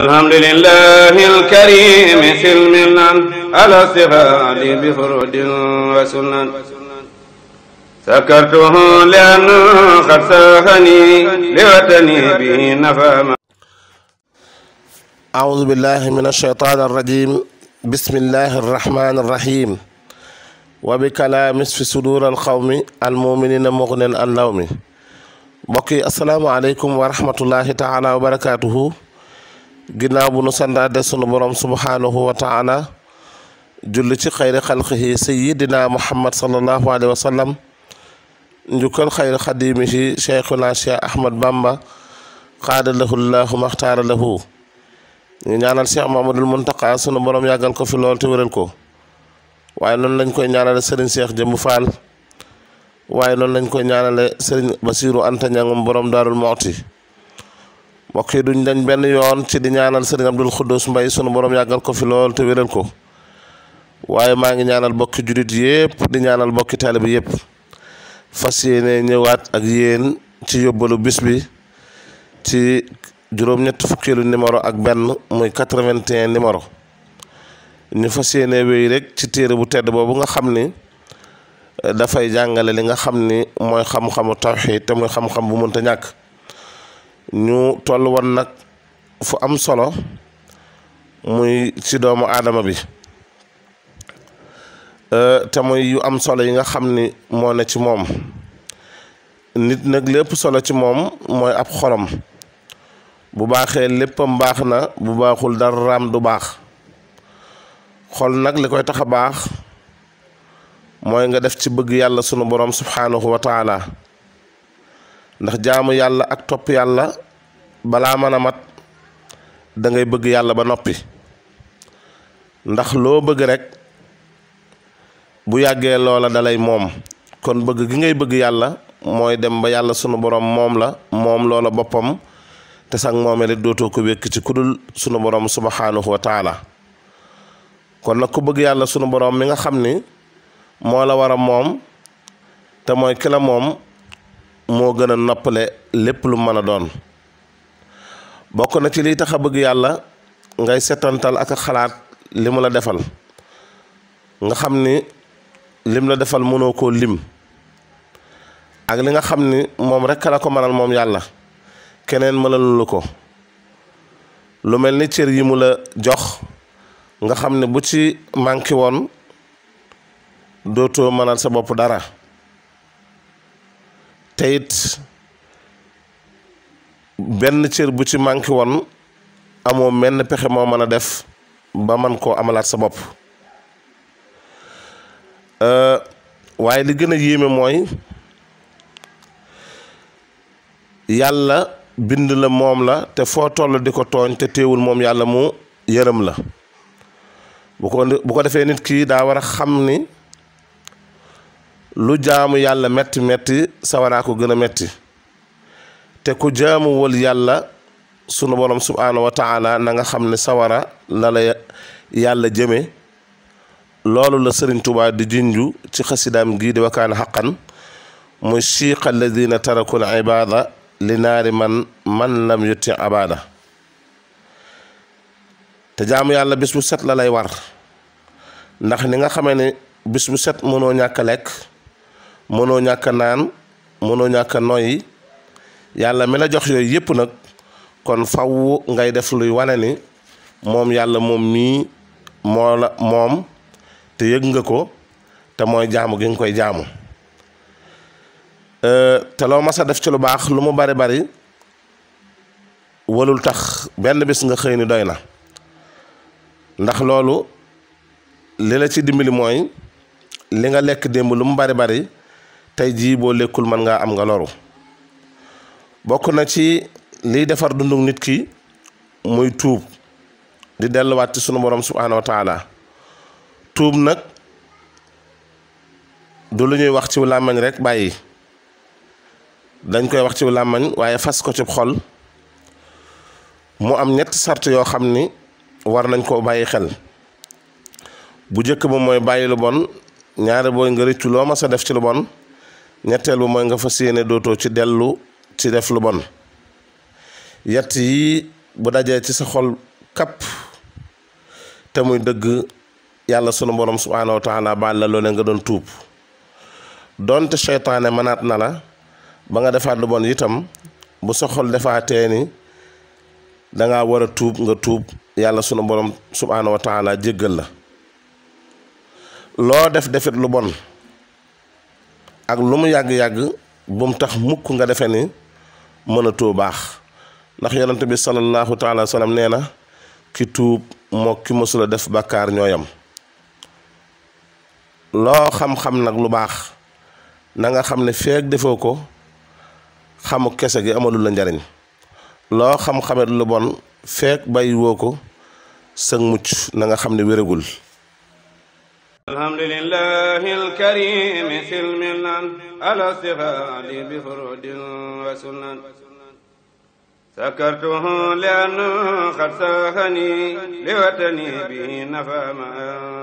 الحمد لله الكريم سلمنا على الصفات بفرد وسنن سكرته لأنه قد ساهني لوطني به نفاما أعوذ بالله من الشيطان الرجيم بسم الله الرحمن الرحيم وبكلام في صدور القوم المؤمنين مغنى اللوم بقي السلام عليكم ورحمة الله تعالى وبركاته ginnaaw bu nu santaate sunu borom subhaanahu wa taala julli ci xayri xalqihi sayidina muhammad salallahu alayhi wa sallam njukkal xayri xadimihi cheikhuna cheikh ahmad bamba xaadalahu llahu maxtaara lahu ñu ñaanal cheikh mahamadul muntaqa sunu borom yàggal ko fi lool te wéral ko waaye noonu lañ koy ñaanale sëriñ cheikh jëmbu faal waaye noonu lañ koy ñaanale sëriñ basiru anta ñangum borom daarul moxti mbokk yi duñ dañ benn yoon ci di ñaanal sëriñ Abdul Xuddus Mbay sunu borom yàggal ko fi lool te wéral ko waaye maa ngi ñaanal mbokki jullit yëpp di ñaanal mbokki taalibe yëpp fas yéene ñëwaat ak yéen ci yóbbalu bis bi ci juróom-ñett fukkeelu numéro ak benn muy 81 numéro ñu fas yéene wéy rek ci téere bu tedd boobu nga xam ni dafay jàngale li nga xam ni mooy xam-xamu tawxiid te muy xam-xam bu mënta ñàkk ñu toll woon nag fu am solo muy ci doomu aadama bi euh, te muy yu am solo yi nga xam ni moo ne ci moom nit nag lépp solo ci moom mooy ab xolam bu baaxee léppam baax na bu baaxul daraam du baax xol nag li koy tax a baax mooy nga def ci bëgg yàlla sunu borom subhanahu wa taala ndax jaamu yàlla ak topp yàlla balaa mën a mat dangay bëgg yàlla ba noppi ndax loo bëgg rek bu yàggee loola dalay moom kon bëgg gi ngay bëgg yàlla mooy dem ba yàlla sunu borom moom la moom loola boppam te sax moomeel it dootoo ko wékk ci kudul sunu borom subhaanahu wa taala kon nag ku bëgg yàlla sunu boroom mi nga xam ni moo la war a moom te mooy ki moom moo gën a noppale lépp lu mën a doon bokk na ci liy taxa bëgg yàlla ngay setantal ak xalaat li mu la defal nga xam ni lim la defal mënoo ko lim ak li nga xam ni moom rek la ko mënal moom yàlla keneen mënalu ko lu mel ni cër yi mu la jox nga xam ne bu ci manqué woon dootoo mënal sa bopp dara teyit benn cër bu ci manqué woon amoo menn pexe moo mën a def ba man koo amalaat sa bopp euh, waaye li gën a yéeme mooy yàlla bind la moom la te foo toll di ko tooñ te teewul moom yàlla mu yërëm la bu ko defee nit ki daa war a xam ni lu jaamu yàlla metti metti sawaraako gëna metti te ku jaamu wol yàlla sunu borom subhaanahu wa taala na nga xam ne sawara la la yàlla jëme loolu la sëriñ Tuubaa di jinju ci xasidaam gii di wakaan xaqan muy siiqa alladina tarakul ibada li naari man man lam yutti abada te jaamu yàlla bis bu set lalay lay war ndax ni nga xamee ne bis bu set mënoo ñàkk lekk mënoo ñàkk naan mënoo ñàkk a yàlla mi la jox yooyu yépp nag kon faw ngay def luy wane ni moom yàlla moom mii moo la moom te yëg nga ko te mooy jaamu gi nga koy jaamu euh, te loo mas a def ci lu baax lu mu bari bari walul tax benn bis nga xëy ni doy na ndax loolu li la ci dimbali mooy li nga lekk démb lu mu bari bari tey jii boo lekkul mën ngaa am nga loru bokk na ci liy defar dundu nit ki muy tuub di delluwaat ci sunu borom subhaanahu wa taala tuub nag du lu ñuy wax ci làmmañ rek bàyyi dañ koy wax ci làmmañ waaye fas ko ci xol mu am ñetti sart yoo xam ni war nañ koo bàyyi xel bu jëkk ba mooy bàyyi lu bon ñaari booy nga rëccu loo ma sa def ci lu bon ñetteel bu mooy nga fa yéene dootoo ci dellu ci def lu bon yett yi bu dajee ci sa xol kapp te muy dëgg yàlla sunu borom subhaanahu wa taala baal la loolee nga doon tuub doonte seytaane mënaat na la ba nga defaat lu bon itam bu sa xol defaatee ni danga war a tuub nga tuub yàlla sunu borom subhaanahu wa taala jéggal la loo def defit lu bon ak lu mu yàgg-yàgg bu mu tax mukk nga defee ni mën baax ndax yonent bi sallallahu taala wa sallam nee na ki tuub moo ki mësula def bàkkaar ñooyam loo xam-xam nag lu baax na nga xam ne feeg defoo ko xamu kese gi amalul la njariñ loo xam-xamit lu bon feeg bàyyiwoo ko sëg mucc na nga xam ne wéragul alhamdulilah alkarim silmilan ala siradi bi furudin wa sunan sakartuhu li an qad saxani li watani bi nafa ma